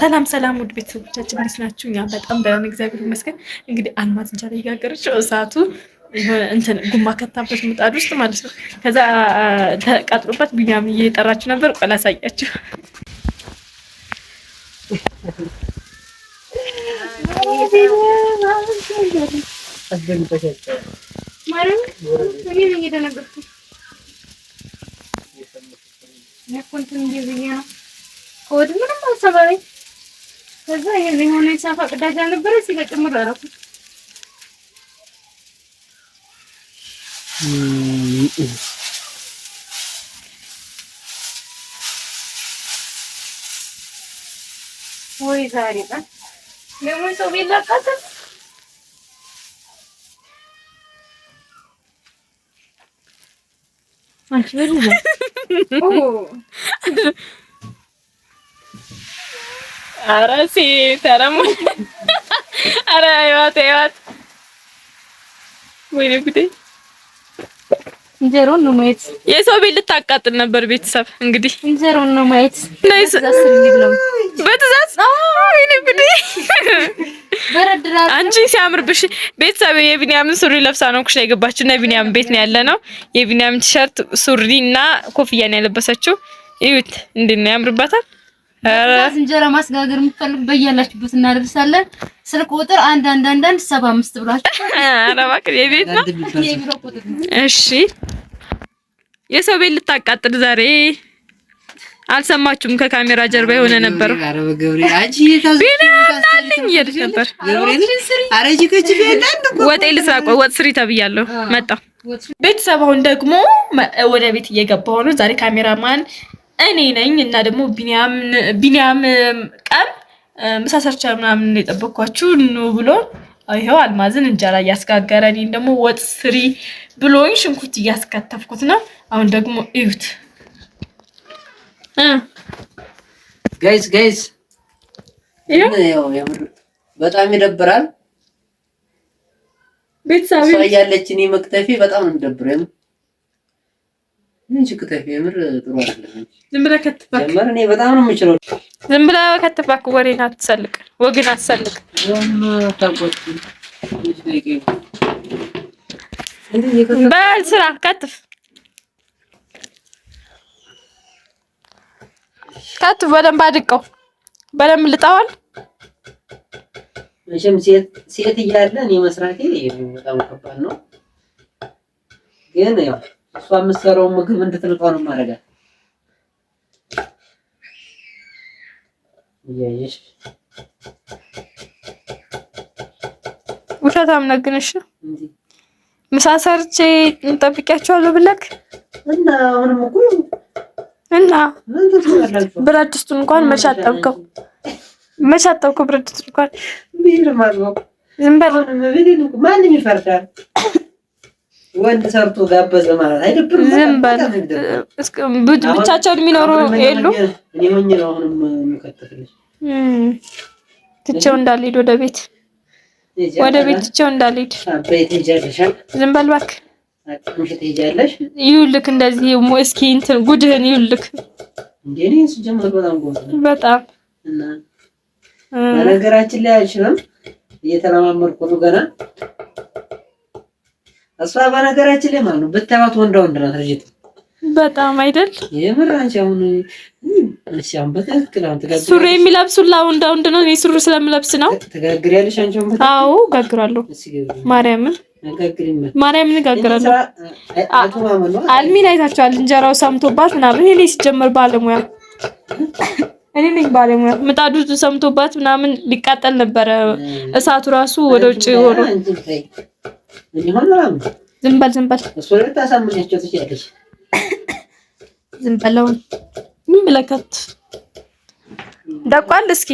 ሰላም ሰላም፣ ውድ ቤተሰቦቻችን እንዴት ናችሁ? እኛ በጣም ደህና እግዚአብሔር ይመስገን። እንግዲህ አልማዝ እንጀራ እየጋገረች እሳቱ እንትን ጉማ ከታበት ምጣድ ውስጥ ማለት ነው። ከዛ ተቃጥሎበት ብኛም እየጠራችሁ ነበር። ቆይ ላሳያችሁ። ምንም አልሰማሁም ከዛ የሆነ የሳፋ ቅዳጅ አልነበረ ሲለ ጭምር አደረኩት። ወይ ዛሬ ቀን ደግሞ ሰው ቤት ላቃጥል አንቺ ኧረ ሴት ኧረ ሙኝ ኧረ ህይወት ህይወት ወይኔ ጉዴ! እንጀራውን ነው ማየት። የሰው ቤት ልታቃጥል ነበር። ቤተሰብ እንግዲህ እንጀራውን ነው ማየት። በትዕዛዝ ወይኔ ጉዴ! አንቺ ሲያምርብሽ ቤተሰብ የቢኒያምን ሱሪ ለብሳ ነው ኩሽ ላይ ገባችሁ እና ቢኒያም ቤት ነው ያለ ነው። የቢኒያም ቲሸርት ሱሪ እና ኮፍያ ነው ያለበሰችው። እዩት እንዴት ነው ያምርባታል! እንጀራ ማስጋገር የምትፈልጉ በያላችሁበት እናደርሳለን። ስልክ ቁጥር አንድ አንድ አንድ አንድ ሰባ አምስት ብላችሁ ኧረ የቤት ነው እሺ የሰው ቤት ልታቃጥል ዛሬ አልሰማችሁም? ከካሜራ ጀርባ የሆነ ነበር። ነበር። ወጤ ልስራ ቆይ ወጥ ስሪ ተብያለሁ መጣሁ። ቤተሰብ አሁን ደግሞ ወደ ቤት እየገባሁ ነው። ዛሬ ካሜራማን እኔ ነኝ እና ደግሞ ቢኒያም ቀን ምሳ ሰርቻ ምናምን የጠበኳችሁ ኑ ብሎ ይኸው አልማዝን እንጀራ እያስጋገረ እኔን ደግሞ ወጥ ስሪ ብሎኝ ሽንኩርት እያስከተፍኩት ነው። አሁን ደግሞ እዩት ጋይዝ ጋይዝ፣ በጣም ይደብራል ቤተሰብ እያለች እኔ በጣም ነው የሚደብረው። ምን ችግር የምር ጥሩ አይደለም። ዝም ብለህ ጀመር። እኔ በጣም ነው የምችለው። ዝም ብለህ ወሬን አትሰልቅ፣ ወግን አትሰልቅ። በል ስራ ከትፍ፣ ከትፍ። በደንብ አድቀው፣ በደንብ ልጠዋል። መቼም ሴት እያለ በጣም ከባድ ነው ግን ያው እሷ የምትሰራውን ምግብ እንድትልቀው ነው ማረጋት። እያየሽ ውሸታም ነህ ግን እሺ። ምሳ ሰርቼ እንጠብቂያቸዋለሁ ብለክ እና አሁንም እኮ እና ብረት ድስቱን እንኳን መቼ አጠብከው? መቼ አጠብከው ብረት ድስቱን እንኳን ዝም በል። ማንም ይፈርዳል። ወንድ ሰርቶ ጋበዘ ማለት አይደብርም። ብቻቸውን የሚኖሩ የሉ። እኔ ሆኜ ነው አሁንም የሚከተፍልሽ ትቼው እንዳልሄድ ወደ ቤት ወደ ቤት ትቼው እንዳልሄድ ዝም በል እባክህ። ይኸውልህ እንደዚህ እስኪ እንትን ጉድህን ይኸውልህ በጣም በነገራችን ላይ አይችልም። እየተለማመድኩ ነው ገና እሷ በነገራችን ላይ ማለት ነው ብታዩት ወንዳ ወንድ ናት ልጅቱ በጣም አይደል? የምር አንቺ አሁን እሺ፣ አሁን በትክክል አሁን ትጋግሪያለሽ። ሱሪ የሚለብሱላ ወንዳ ወንድ ነው። እኔ ሱሪ ስለምለብስ ነው። ትጋግሪያለሽ አንቺ? አዎ ጋግራለሁ ማርያምን ማርያምን እጋግራለሁ። አልሚን አይታችኋል? እንጀራው ሰምቶባት ምናምን እኔ ሲጀምር ባለሙያ እኔ ነኝ ባለሙያ። ምጣዱ ሰምቶባት ምናምን ሊቃጠል ነበረ እሳቱ ራሱ ወደ ውጭ ሆኖ ዝም በል ዝም በል ዝም በል አሁን የሚመለከት ደቋል። እስኪ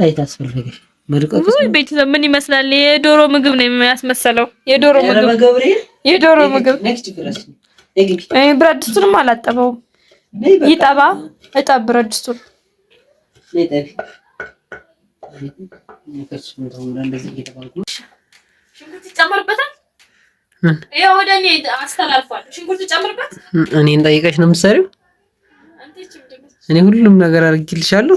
ቤተሰብ ምን ይመስላል? የዶሮ ምግብ ነው የሚያስመሰለው። የዶሮ ምግብ የዶሮ ምግብ ብረት ድስቱንም አላጠበውም። ይጠባ እጠብ ብረት ድስቱን ሽንኩርት ይጨመርበታል። ወደ እኔ አስተላልፏል። ሽንኩርት ይጨመርበት። እኔን ጠይቀሽ ነው የምትሰሪው? እኔ ሁሉም ነገር አድርጊልሻለሁ።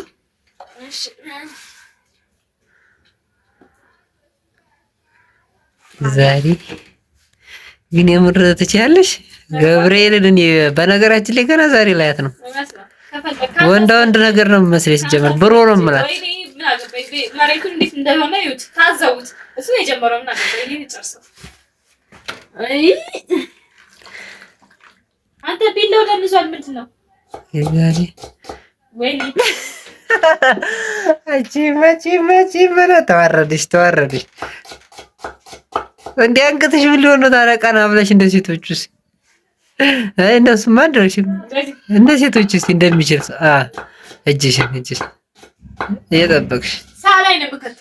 ዛሬ ግን የምር ትችያለሽ ገብርኤልን። እኔ በነገራችን ላይ ገና ዛሬ ላያት ነው ወንዳ ወንድ ነገር ነው መስለሽ ጀመር ብሮ ነው የምላት እሱ ነው የጀመረው። ምን አገባኝ? ይሄን ጨርሰው። አይ አንተ ቢላው ደንዟል። ምንድን ነው ወይኔ ተዋረድሽ፣ ተዋረድሽ። አንገትሽ ምን ሊሆን ነው ብለሽ እንደ ሴቶቹስ? እንደሚችል እጅሽን እየጠበቅሽ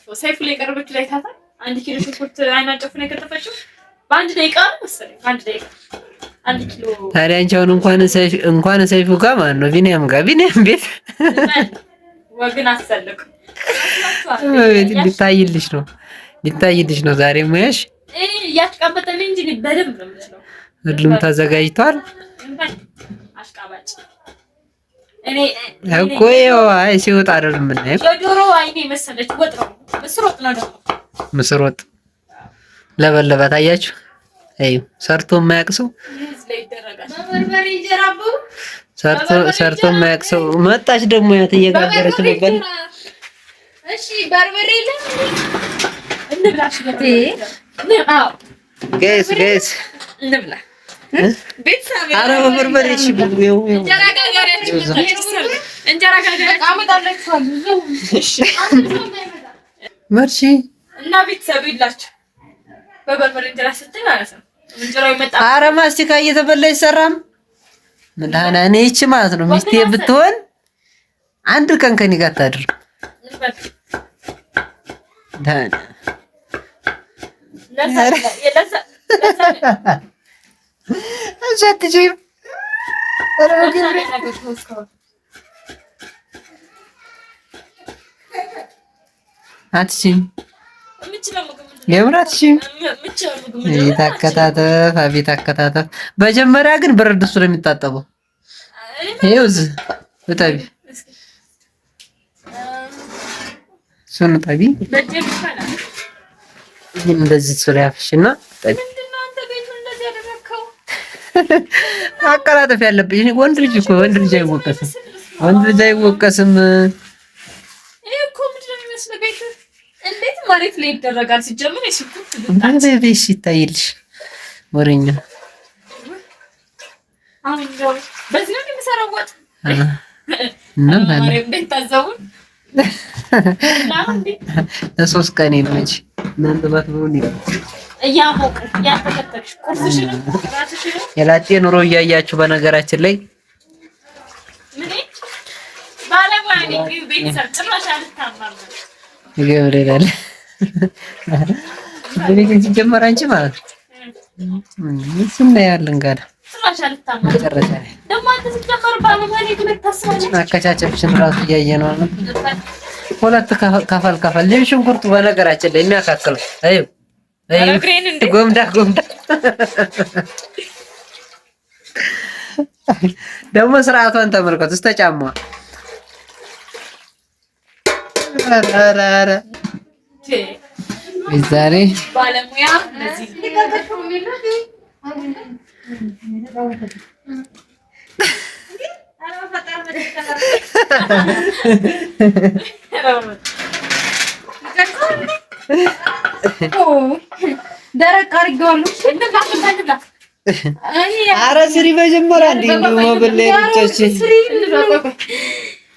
ነው ሰይፉ ላይ ቀርበች ላይ ታታል አንድ ኪሎ ሽንኩርት አይኗን ጨፍና የከተፈችው በአንድ ደቂቃ ነው መሰለኝ። አንድ ደቂቃ አንድ ኪሎ። ታዲያ አንቺ አሁን እንኳን ሰይፉ ጋር ማለት ነው ቢኒያም ጋር ቢኒያም ቤት ወግን አሰልኩ ቤት ሊታይልሽ ነው ሊታይልሽ ነው ዛሬ ሙያሽ እያሽቃበጠልኝ እንጂ በደንብ ነው የምችለው። ሁሉም ተዘጋጅቷል። አሽቃባጭ እኔ እኮ ይኸው አይ ሲወጣ አይደል የምናየው የዶሮ አይኔ መሰለች ወጥ ነው። ምስር ወጥ ነው ደግሞ ምስር ወጥ ለበለበ ታያችሁ። አይ ሰርቶ የማያውቅ ሰርቶ ሰርቶ የማያውቅ መጣች። ደግሞ ያት ነበር። እሺ በርበሬ ለምን እና ቤተሰብ ይላቸው በበርበሬ እንጀራ ስትል ማለት ነው። እንጀራው ይመጣ። ኧረ ማስቲካ እየተበላ ይሰራም ምዳና እኔ ይቺ ማለት ነው ሚስቴ ብትሆን አንድ ቀን ከኔ ጋር ታድርግ አትችይም የምራትሽም ቤት አከታተፍ አቤት አከታተፍ። መጀመሪያ ግን በረድ ነው የሚታጠበው። ይኸው እዚህ እጠቢ፣ እሱን እጠቢ። እንደዚህ አቀላጠፍ ያለብኝ ወንድ ልጅ እኮ ወንድ ልጅ አይወቀስም፣ ወንድ ልጅ አይወቀስም። እንዴት መሬት ላይ ይደረጋል? ሲጀምር የሽንኩርት ልጣጭ ይታይልሽ። ወሬኛ በዚህ ነው የሚሰራው ለሶስት ቀን ይመች እናንተ ባትብሉ እያሞቅ የላጤ ኑሮ እያያችሁ በነገራችን ላይ ባለሙያ ቤተሰብ ጭራሽ አልታማም ገብርኤል አለ ሲጀመር አንቺ ማለት ነው። እሱ እናያለን ጋር መጨረሻ ላይ አከቻቸብሽን ራሱ እያየ ነው። ሁለት ከፈል ከፈል ልጅ ሽንኩርቱ በነገራችን ላይ የሚያካክለው ጎምዳ ጎምዳ ደግሞ ስርዓቷን ተመልከቱ። እስከ ጫማዋ ዛሬ ባለሙያ ደረቅ አድርጌዋለሁ። ኧረ ስሪ መጀመሪያ እንዲህ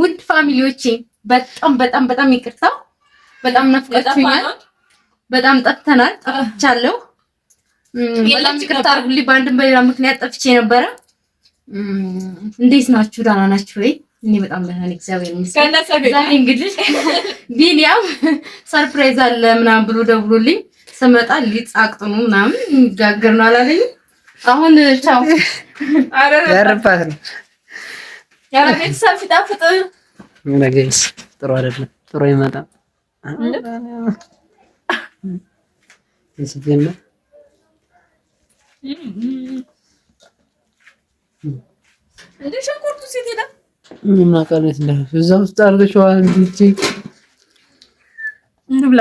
ውድ ፋሚሊዎቼ በጣም በጣም በጣም ይቅርታው፣ በጣም ናፍቃችሁኛል። በጣም ጠፍተናል፣ ጠፍቻለሁ። በጣም ይቅርታ አድርጉልኝ። በአንድም በሌላ ምክንያት ጠፍቼ ነበረ። እንዴት ናችሁ? ደህና ናችሁ ወይ? እኔ በጣም ደህና ነኝ፣ እግዚአብሔር ይመስገን። ዛሬ እንግዲህ ቢኒያም ሰርፕራይዝ አለ ምናምን ብሎ ደውሎልኝ ስመጣ ሊጥ አቅጥኑ ምናምን የሚጋገር ነው አላለኝም አሁን ቻው ያረባት ነው ያረ ቤተሰብ ሲጣፍጥ ነገስ ጥሩ አይደለም። ጥሩ አይመጣም። እንደ ሽንኩርቱ ሴት ሄዳ ምን ማቃለት እዛ ውስጥ አድርገሽዋል እንብላ